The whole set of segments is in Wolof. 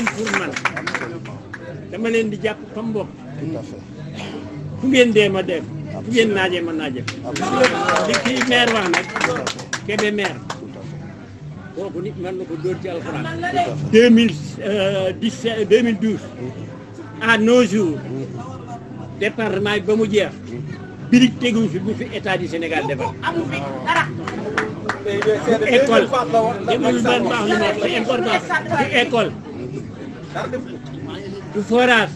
ngeen man dama leen di jàpp comme mbokk fu ngeen dee ma def fu ngeen naajee ma naaje li kii maire wax nag Kébé kooku nit mën na ko dóor ci alxuraan euh, deux mille douze mm-hmm. à nos jours mm-hmm. ba mu jeex mm-hmm. birig tegu fi bu fi état du Sénégal defal école déglul ban baax lu ma c'est école dara def du forage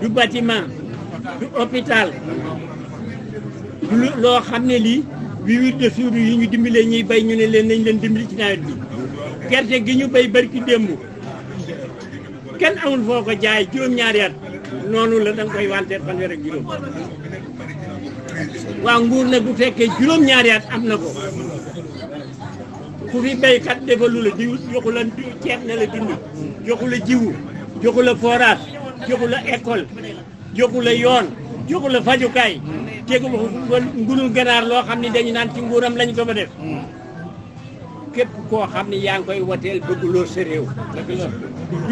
du bâtiment du hôpital du loo xam ne lii huit de suur yi ñu dimbalee ñuy bay ñu ne leen nañ leen dimbali ci nawet gerte gi ñu bay barki démb kenn amul foo ko jaay juróom-ñaari noonu la da nga koy wanteer fanweer ak juróom waaw nguur nag bu fekkee juróom-ñaari am na ko ku fi béykat defalu la jiw joxu la ceeb ne la dund joxu la jiwu joxu la forage joxu la école joxu la yoon joxu la fajukaay tegu ba ganaar loo xam ne dañu naan ci nguuram lañ ko ba def képp koo xam ne yaa ngi koy wateel bëgguloo sa réew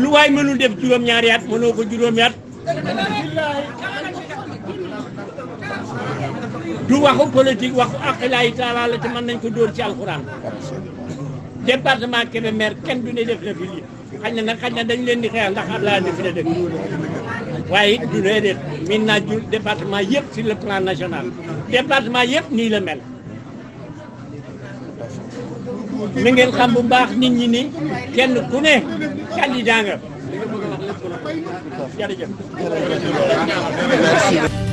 lu waay mënul def juróom-ñaari at ko juróomi du waxu politique waxu ak laayi taala la te mën nañ ko dóor ci alxuraan département Kébémer kenn du ne def na fi xañ na nag xañ na dañ leen di xeex ndax Abdoulaye Wade fi waaye it du ne min naa jul département yëpp sur le plan national département yëpp nii la mel mi ngeen xam bu baax nit ñi ni kenn ku ne candidat nga